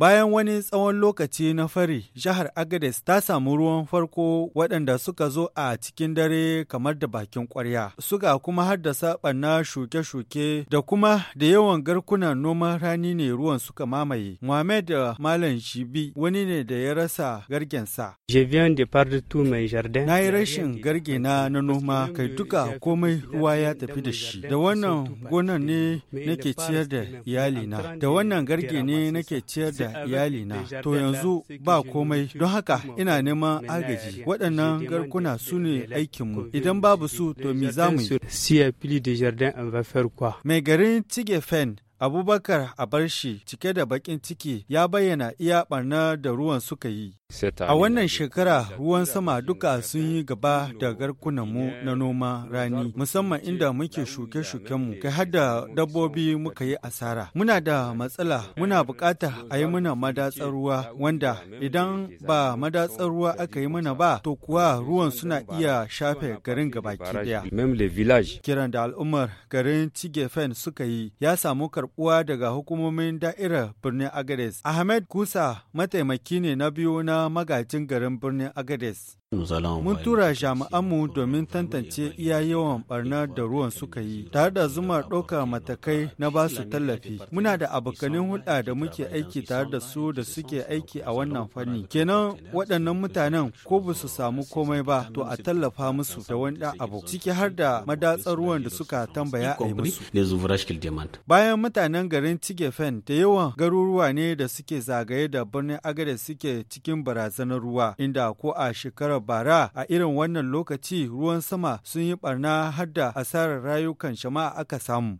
Bayan wani tsawon lokaci na fari, jihar Agades ta samu ruwan farko waɗanda suka zo a cikin dare kamar da bakin ƙwarya. suga kuma har da ɓanna shuke-shuke da kuma da yawan garkunan noman rani ne ruwan suka mamaye. Mohamed Malam Shibi wani ne da ya rasa gargensa. Na yi rashin gargena na noma kai duka komai ruwa ya tafi da shi. Da wannan gonan ne nake ciyar da iyalina, da wannan garge ne nake ciyar da iyali na. to yanzu ba komai don haka ina neman agaji waɗannan garkuna su ne aikinmu idan babu su to mi za mu yi. Mai garin Tigefen Abubakar a bar shi cike da baƙin ciki ya bayyana iya barna da ruwan suka yi. A wannan shekara ruwan sama duka sun yi gaba da garkunanmu na noma rani musamman inda muke shuke-shukenmu kai har da dabbobi muka yi asara. Muna da matsala muna bukata a yi mana madatsar ruwa wanda idan ba madatsar ruwa aka yi mana ba to kuwa ruwan suna iya shafe garin gabaki daya. Kiran da al'ummar garin Cigefen suka yi ya samu karɓar karbuwa daga hukumomin da'irar birnin Agades. Ahmed Kusa mataimaki ne na biyu na magajin garin birnin Agades. Mun tura jami'anmu domin tantance iya yawan barnar da ruwan suka yi, tare da zuma ɗaukar matakai na ba su tallafi. Muna da abokanin hulɗa da muke aiki tare da su da suke aiki a wannan fanni. Kenan waɗannan mutanen ko ba su samu komai ba, to a tallafa musu da wani ɗan abu, ciki har da madatsar ruwan da suka tambaya a musu. Bayan mutanen garin Tigefen da yawan garuruwa ne da suke zagaye da birnin agade suke cikin barazanar ruwa, inda ko a shekarar bara a irin wannan lokaci ruwan sama sun yi barna har da asarar rayukan jama'a aka samu.